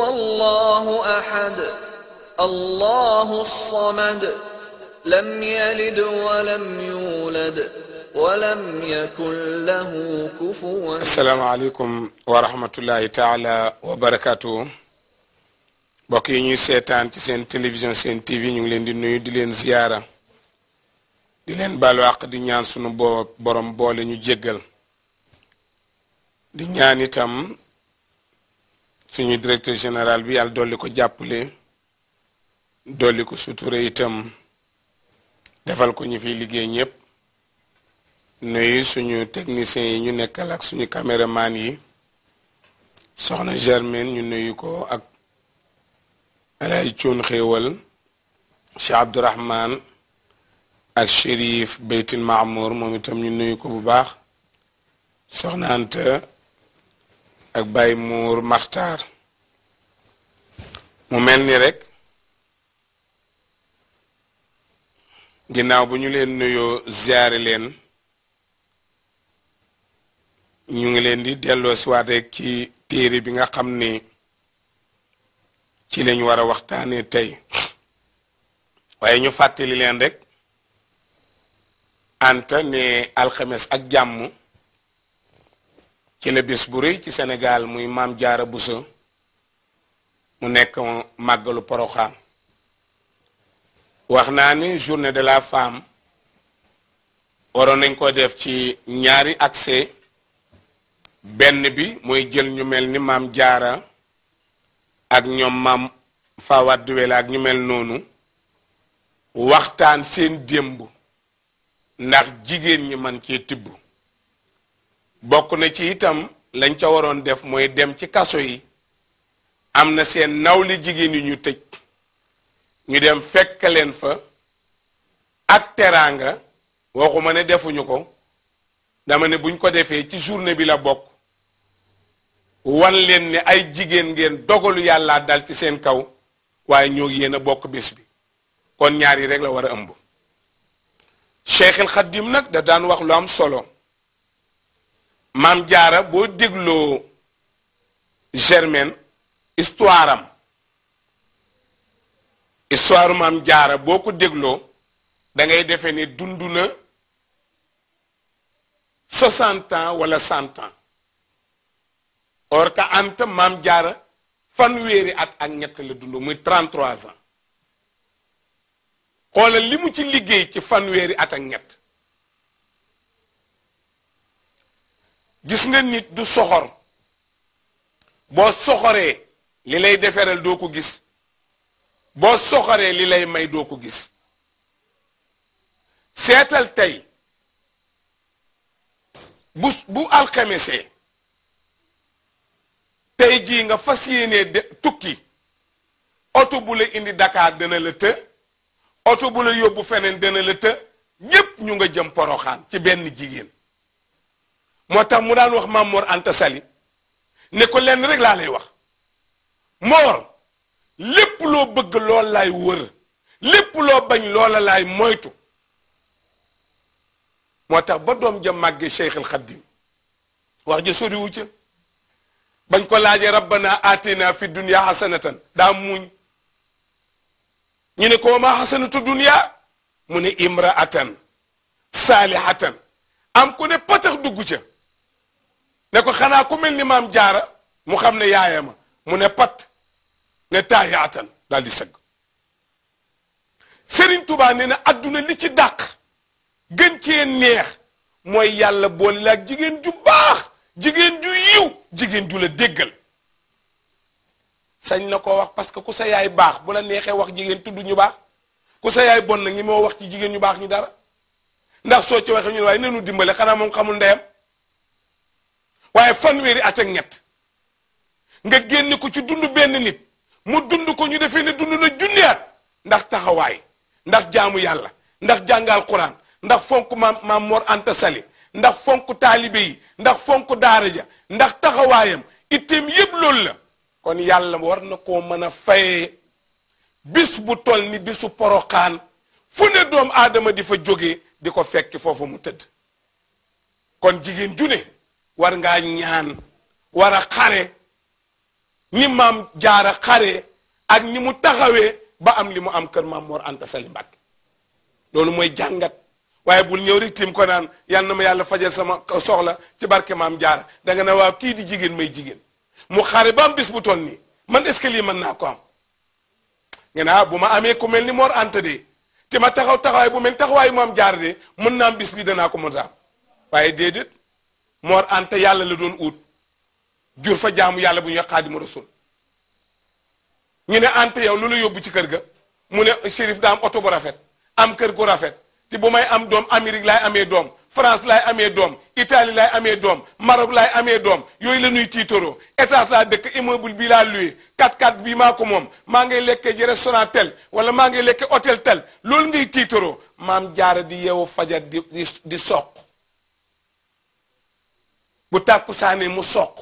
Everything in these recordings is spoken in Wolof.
والله أحد الله الصمد لم يلد ولم يولد ولم يكن له كفوا السلام عليكم ورحمة الله تعالى وبركاته بكي ني سيتان تي سين تيليفزيون سين تي في نيغي لين دي نوي دي لين زياره دي لين بالواق دي نيان سونو بوروم بولي ني جيغل دي نيان suñu directeur général bi yàlla dolli ko jàppale dolli ko suture itam defal ko ñu fiy liggéey ñëpp nuyu suñu techniciens yi ñu nekkal ak suñu caméraman yi soxna Germaine ñu nuyu ko ak alaay cuun xéewal Cheikh Abdourahman ak Chérif Beytin Mamour moom itam ñu nuyu ko bu baax soxna Anta ak Baye Mour Maxtaar mu mel ni rek ginnaaw bu ñu leen nuyoo ziyaare leen ñu ngi leen di delloo siwaat rek ci téere bi nga xam ni ci lañ war a waxtaanee tey waaye ñu fàttali leen rek anta ne alxames ak jàmm ci la bés bu rëy ci Sénégal muy maam jaara së mu nekk màggalu poroxaan wax naa ni journée de la femme waroon nañ ko def ci ñaari accès benn bi mooy jël ñu mel ni maam jaara ak ñoom maam Fawad Duwel ak ñu mel noonu waxtaan seen démb ndax jigéen ñi man cee tibb bokk na ci itam lañ ca waroon def mooy dem ci kaso yi am na seen nawli jigéen yu ñu tëj ñu dem fekk leen fa ak teraanga waxuma ne defuñu ko dama ne buñ ko defee ci journée bi la bokk wan leen ni ay jigéen ngeen dogalu yàlla dal ci seen kaw waaye ñoo yéen bokk bés bi kon ñaar yi rek la war a ëmb Cheikh El nag da daan wax lu am solo maam jaara boo dégloo Germaine histoire am histoire jaara boo ko dégloo da ngay defee ne dund na soixante ans wala cent ans or que Anta maam jaara fanweeri at ak ñett la dund muy 33 ans xoolal li ci liggéey ci fanweeri at ak ñett gis nga nit du soxor boo soxoree li lay deferal doo ko gis boo soxoree li lay may doo ko gis seetal tey bu bu alxames tey jii nga fas yéenee de tukki oto bu la indi dakaar dana la të oto bu la yóbbu feneen dana la të ñépp ñu nga jëm poroxaan ci benn jigéen moo tax mu daan wax maam Mor Anta Sali ne ko lenn rek laa lay wax moor lépp loo bëgg lool laay wër lépp loo bañ loola laay moytu moo tax ba doom ja màgge Cheikhul Xaddim wax ja soriwu ca bañ ko laajee rabbana atina fi dunya xasanatan daa muuñ ñu ne ko ma xasanatu dunya mu ne imraatan saalihatan am ku ne patax dugg ca ne ko xanaa ku mel ni maam jaara mu xam ne yaayama mu ne pat ne taayi atan daal di sëgg sëriñ Touba nee na adduna li ci dàq gën cee neex mooy yàlla boole la jigéen ju baax jigéen ju yiw jigéen ju la déggal sañ na ko wax parce que ku sa yaay baax bu la neexee wax jigéen tudd ñu baax ku sa yaay bon na ñi moo wax ci jigéen ñu baax ñi dara ndax soo ci waxee ñu ne waaye nenu dimbale xanaa moom xamul ndeyam waaye fanweeri at ak ñett nga génn ko ci dundu benn nit mu dund ko ñu defee ne dund na junni ndax taxawaay ndax jaamu yàlla ndax jàngal quran ndax fonk maam maam Mor Anta Sali ndax fonk taalibe ndax fonk daara ja ndax taxawaayam itteem yépp loolu la kon yàlla war na koo mën a fayee bis bu toll ni bisu poroxaan fu ne doom aadama di fa jógee di ko fekki foofu mu tëdd kon jigéen ju war ngaa ñaan war a xare ni maam jaara xare ak ni mu taxawee ba am li mu am kër maam Mor Anta Sali Mbàkke loolu mooy jàngat waaye bul ñëw rek tiim ko naan yal na ma yàlla fajal sama soxla ci barke maam jaara da nga ne waaw kii di jigéen may jigéen mu xare ba am bis bu toll nii man est-ce que lii mën naa ko am nga ne ah, bu ma amee ku mel ni Mor Anta de te ma taxaw taxawaay bu mel taxawaayu maam jaar de mën na am bis bi danaa ko mën a am waaye déedéet. Mor Anta yàlla la doon ut jur fa jaamu yàlla bu ñuy xaadimu rasul ñu ne Anta yow lu la yóbbu ci kër ga mu ne Chérif daam am oto bu rafet am kër gu rafet te bu may am doom Amérique laay amee doom France lay amee doom Italie lay amee doom Maroc laay amee doom yooyu la nuy tiitoroo étage laa dëkk immeuble bi laa loué 4x4 bii maa ko moom maa ngay lekkee ji restaurant tel wala maa ngay lekke hôtel tel loolu ngay tiitoro maam jaara di yeewu fajar di di soq bu tàkkusaanee mu soq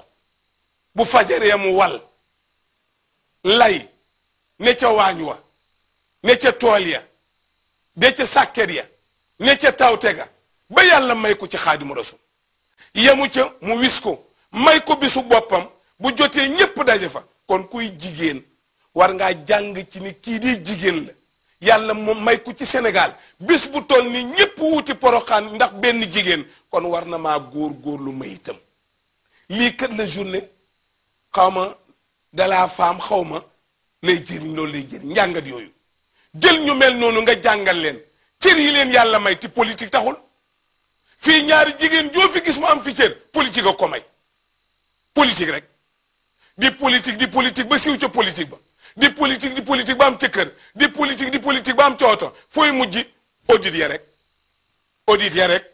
bu fajar ya mu wal lay ne ca waañ wa ne ca tool ya de ca sàkket ya ne ca tawte ga ba yàlla may ko ci xaadimu rasul yemu ca mu wis ko may ko bisu boppam bu jotee ñépp daje fa kon kuy jigéen war nga jàng ci ni kii di jigéen la yàlla moom may ko ci Sénégal bis bu toll ni ñépp wuti poroxaan ndax benn jigéen kon war na maa góor lu ma itam lii kat la journée xaw ma de la femme xaw ma lay jëriñ loolu lay jëriñ njàngat yooyu jël ñu mel noonu nga jàngal leen cër yi leen yàlla may ti politique taxul fii ñaari jigéen joo fi gis mu am fi cër politique a ko may politique rek di politique di politique ba siw ca politique ba di politique di am ca kër di politique di politique ba am ca oto fooy mujj audit ya rek audit ya rek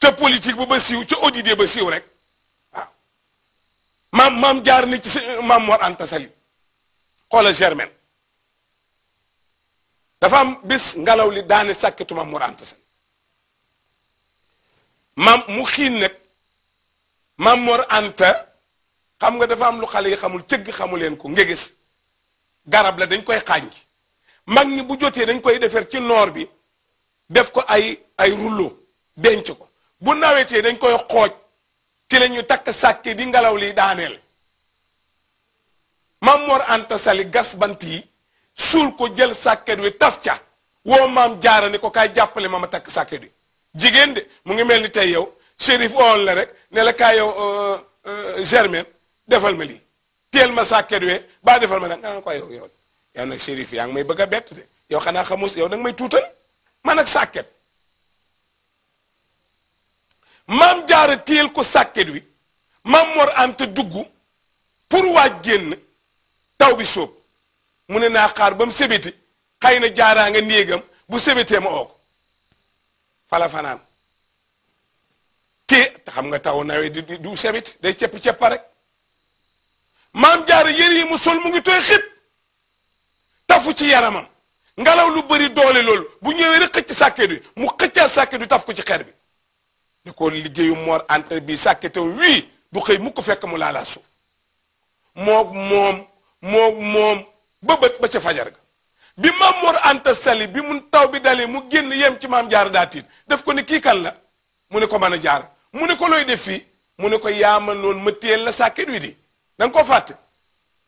ca politique bu ba siiw ca auditeurs ba siiw rek waaw mam maam jaar na ci maam mam Anta Sali dafa am bis ngelaw li daane sàkkitu maam Anta Sali maam mu xiin nag mam Mor Anta xam nga dafa am lu xale yi xamul cëgg xamu leen ko ngegis garab la dañ koy xànj mag ñi bu jotee dañ koy defer ci noor bi def ko ay ay rouleau denc ko bu nawetee dañ koy xooj ti la ñu takk sàkket yi ngelaw lii daaneel maam Mor Anta gas bant yi suul ko jël sàkket wi taf ca woo maam jaara ni ko kaay jàppale ma ma takk sàkket wi jigéen de mu ngi mel ni tay yow shérif ool la rek ne la kaay yow euh, euh, germaine defal ma lii teel ma sàkket wee baa defal ma nag nga ne ko yaa ngi may bëgg bett de yow xanaa xamus yow nag may tuutal man ak sàkket maam jaara téyel ko sàkket wi maam mor anta dugg pour waaj génn taw bi soob mu ne naa xaar ba mu sebeti xëy na jaaraa nga néegam bu sebetee ma ook fala fanaan te te xam nga taw nawet di du sebet day cepp-ceppa rek maam jaara yére yi mu sol mu ngi tooy xib tafu ci yaramam ngelaw lu bëri doole loolu bu ñëwee rek xëcc sàkket wi mu xëccaat sàkket wi taf ko ci xer bi ne ko liggéeyu Mor Anta bi sàkketew wii du xëy mu ko fekk mu laalaa suuf moog moom moog moom ba bët ba ca fajar ga bi maam Mor Anta Sali bi mun taw bi dalee mu génn yem ci maam jaar daa def ko ni kii kan la mu ne ko mën a jaar mu ne ko looy def fii mu ne ko yaamal noonu ma téyel la sàkket wi di da nga koo fàtte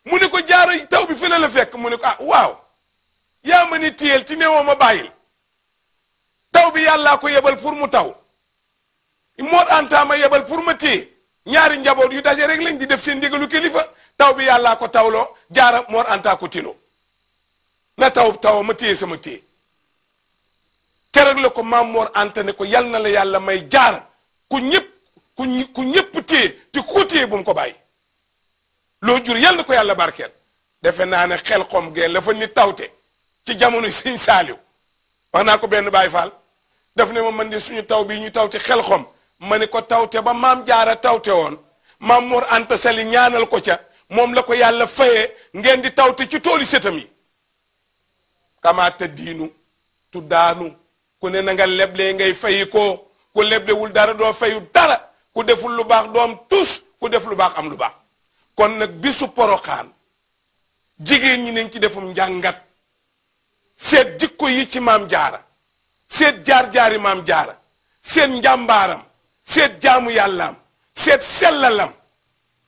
mu ni ko jaara taw bi fële la fekk mu ne ko ah waaw yaa ni téyel ci neewoo ma bàyyil taw bi yàllaa ko yebal pour mu taw Mor Anta ma yebal pour ma téye ñaari njaboot yu daje rek lañ di def seen ndigalu kelifa taw bi yàllaa ko tawloo jaara Mor Anta ko tilo na taw taw ma téye sama téye keroog la ko maam Mor Anta ne ko yal na yàlla may jaar ku ñëpp ku ku ñëpp téye ko téye bu mu ko bàyyi loo jur yal na ko yàlla barkel defe naa ne xel xom gee la fa taw te ci jamono Sëñ Saaliw wax naa ko benn Baay Faal daf ne ma man de suñu taw bii ñu tawte xel xom ma ni ko tawte ba maam jaara tawte woon maam Mor Anta Sali ñaanal ko ca moom la ko yàlla fayee ngeen di tawte ci tooli sëtam yi kamaata diinu tuddaanu ku ne na nga leblee ngay fayi ko ku leblewul dara doo fayu dara ku deful lu baax doom tus ku def lu baax am lu baax kon nag bisu poroxaan jigéen ñi nañ ci defum njàngat seet jikko yi ci maam jaara seet jaar-jaari maam jaara seen njàmbaaram seet jaamu yàllaam seet sellalam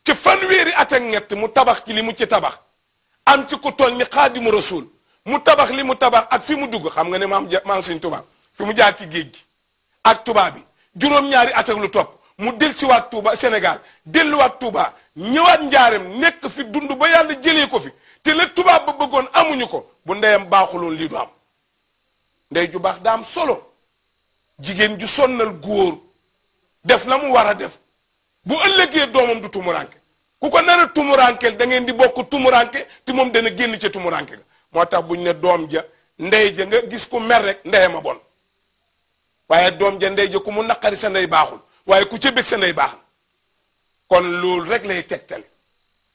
ci fan at ak ñett mu tabax ci li mu ci tabax am ci ku toll ni xaadimu rasul mu tabax li mu tabax ak fi mu dugg xam nga ne maam maam sëñ Tuubaa fi mu jaar ci géej gi ak Tuubaa bi juróom-ñaari at ak lu topp mu dellusiwaat Tuubaa Sénégal delluwaat Tuubaa ñëwaat njaareem nekk fi dund ba yàlla jëlee ko fi te le tubaab ba bëggoon amuñu ko bu ndeyam baaxuloon lii du am ndey ju baax daa solo jigéen ju sonnal góor def la mu war a def bu ëllëgee doomam du tumuranke ku ko nar a tumurankeel da ngeen di bokk tumuranke te moom dana génn ci tumuranke ga moo tax bu ñu ne doom ja ndey ja gis ku mer rek ndeye waaye doom ja ndey ja mu naqari sa baaxul waaye ku ca bëgg sa baax kon loolu rek lay tegtale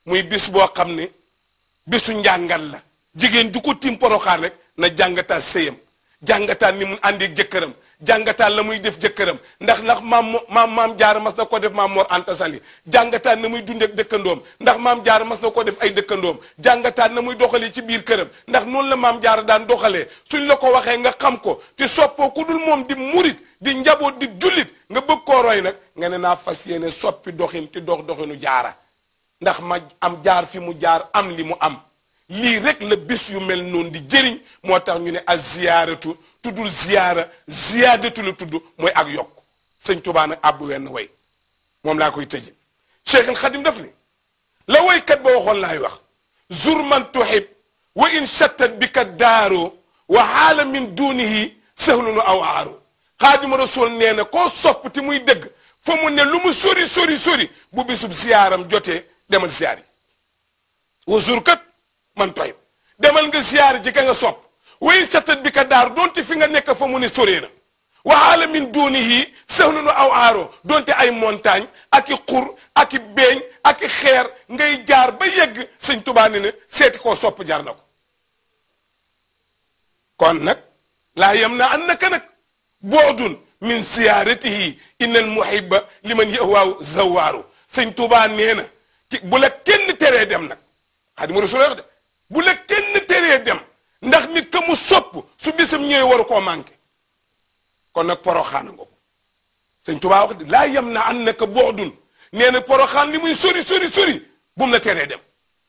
muy bis boo xam ne bisu njàngal la jigéen ju ko tim poroxaar rek na jàngataat sëyam jàngataat ni mu àndi jëkkëram jàngataan la muy def jeukeram ndax ndax mam mam maam jaara mas na ko def mam Mor antasali Sali jàngataan na muy dundeek dëkkandoom ndax mam jaar mas na ko def ay dekkandom jàngataan na muy doxalee ci bir keuram ndax non la mam jaar daan doxale suñ la ko waxee nga xam ko ci soppo kudul mom di murid di njabo di julit nga bëgg ko roy nak nga ne na fasiyene soppi doxin te dox doxinu jaara ndax ma am jaar fi mu jaar am li mu am li rek le bis yu mel non di jëriñ motax ñu ne az ziyaratu tudul ziyaara ziyaadatu la tudd mooy ak yokk sëñ Tuubaa nag àbb wenn way moom laa koy tëje Cheikhul Xadim daf ni la woykat ba waxoon laay wax zur man tuhib wa in shattat bika daaroo wa xaala min duunihi sahlunu aw aaro xaadimu rasul nee na koo sopp te muy dëgg fa mu ne lu mu sori sori sori bu bisu ziyaaram jote demal ziyaar yi wa zur kat man tuhib demal nga ziyaar ji ka nga sopp وين شتت بك دار دونت في نغا نيك فمو ني سورينا وعالم من دونه سهنو او ارو دونت اي مونتاج اكي خور اكي بين اكي خير غاي جار با ييغ سيغ توبا ني سيت كو سوب جار نكو كون نك لا يمنع انك نك بعد من زيارته ان المحب لمن يهواو زوارو سيغ توبا نينا بولا كين تري دم نك خادم رسول الله بولا كين تري دم mu sopp su bisam ñëwee waru koo manqué kon nag poroxaana nga ko sëñ Tuubaa wax di laa yem na an naka boodun nee na poroxaan li muy sori sori sori bu la teree dem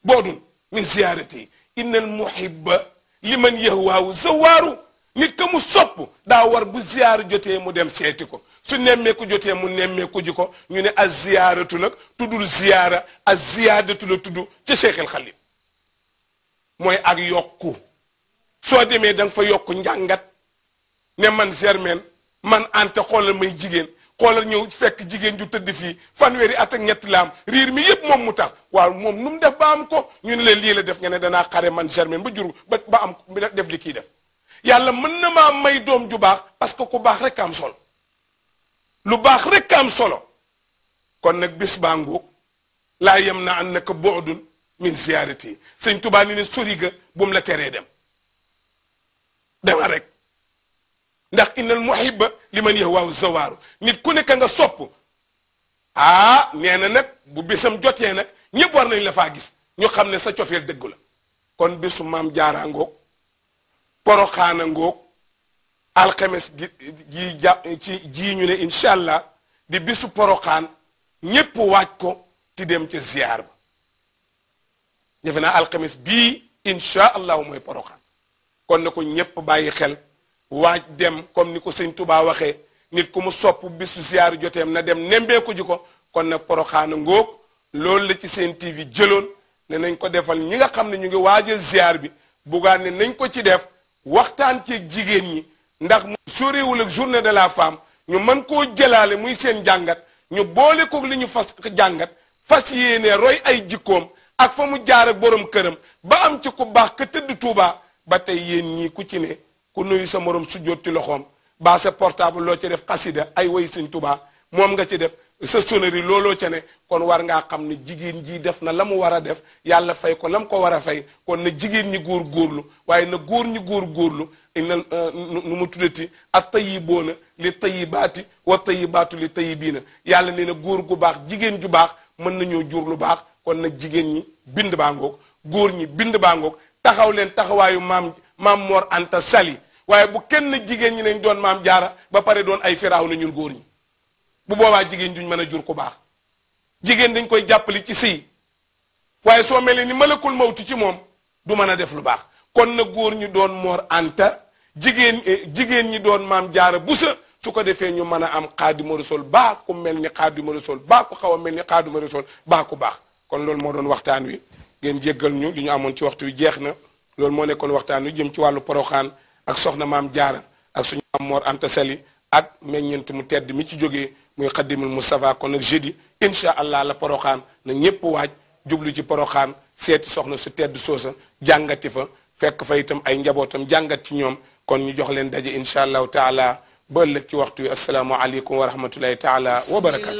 boodun min ziyaarati innal muhibba liman yahwaawu zawaaru nit ka mu sopp daa war bu ziyaar jote mu dem seeti ko su nemmeeku jotee mu nemmeeku ji ko ñu ne az ziyaaratu nag tuddul ziyaara az ziyaadatu la tudd ca Cheikh El Khalil mooy ak yokku soo demee da nga fa yokk njàngat ne man Germaine man Anta xoolal may jigéen xoolal ñëw fekk jigéen ju tëdd fii fanweeri at ak ñetti laam riir mi yépp moom mu tax waaw moom nu mu def ba am ko ñu ne leen lii la def nga ne danaa xare man Germaine ba jur ba ba am def li kii def yàlla mën na maa may doom ju baax parce que ku baax rek am solo lu baax rek am solo kon nag bis baa ngoog laa yem na an naka boodun min ziyaarati sëñ Tuubaa ni ne sori ga bu mu la teree dem dama rek ndax innal muhibba liman yahwaahu zawaaru nit ku nekk nga sopp ah nee na nag bu bisam jotee nag ñëpp war nañ la faa gis ñu xam ne sa cofeel dëggu la kon bisu maam jaaraa ngoog poroxaana ngoog alxames gi ji ja ci ji ñu ne incha allah di bésu poroxaan ñépp waaj ko ti dem ci ziyaar ba defe naa alxames bi incha allahu mooy poroxaan kon na ko ñépp bàyyi xel waaj dem comme ni ko sëñ Touba waxee nit ku mu sopp bisu ziaru joteem na dem nembe ji ko kon nag poroxaana ngok loolu la ci seen TV jëloon ne nañ ko defal ñi nga xam ne ñu ngi waaje ziar bi bugaan ne nañ ko ci def waxtaan ci jigéen ñi ndax mu soriwul ak journée de la femme ñu man koo jëlaale muy seen jàngat ñu boole ko li ñu fas jàngat fas yene roy ay jikkoom ak fa mu jaar ak borom këram ba am ci ku baax ka tëdd Touba ba tey yéen ñii ku ci ne ku nuyu sa morom sujjóot ci loxoom baa sa portable loo ci def ka xasida ay woy sëñ Tuubaa moom nga ci def sa sonnerie looloo ca ne kon war ngaa xam ne jigéen ji def na la mu war a def yàlla fay ko lam ko war a fay kon na jigéen ñi góor góorlu waaye na góor ñi góor góorlu na uh, nu mu tuddati at tayiboona li tayibaati wa tayibaatu li tayibiina yàlla nee na góor gu baax jigéen ju baax mën nañoo jur lu baax kon nag jigéen ñi bind baa ngoog góor ñi bind baa ngoog taxaw leen taxawaayu maam maam Mor Anta Sali waaye bu kenn jigéen ñi nañ doon maam jaara ba pare doon ay firaaw na ñun góor ñi bu boobaa jigéen duñ mën a jur ku baax jigéen dañ koy jàppali ci sëy waaye soo mel ni malakul mawti ci moom du mën a def lu baax kon na góor ñi doon moor Anta jigéen eh, jigéen ñi doon maam jaara busa su ko defee ñu mën a am xaadimu rasul baa ku mel ni xaadimu rasul baa ku xaw a mel ni xaadimu rasul baa ku baax kon loolu moo doon waxtaan wi ngeen jéggal ñu li ñu amoon ci waxtu wi jeex na loolu moo nekkoon waxtaan wi jëm ci wàllu poroxaan ak soxna maam jaar ak suñu am moor anta sali ak meññent mu tedd mi ci jógee muy xaddimul Moustapha kon nag jeudi incha allah la poroxaan na ñépp waaj jublu ci poroxaan seeti soxna su tedd soosa jàngati fa fekk fa itam ay njabootam jàngat ci ñoom kon ñu jox leen daje incha allahu taala ba ëllëg ci waxtu wi asalaamu aleykum wa rahmatullahi taala wa barakatu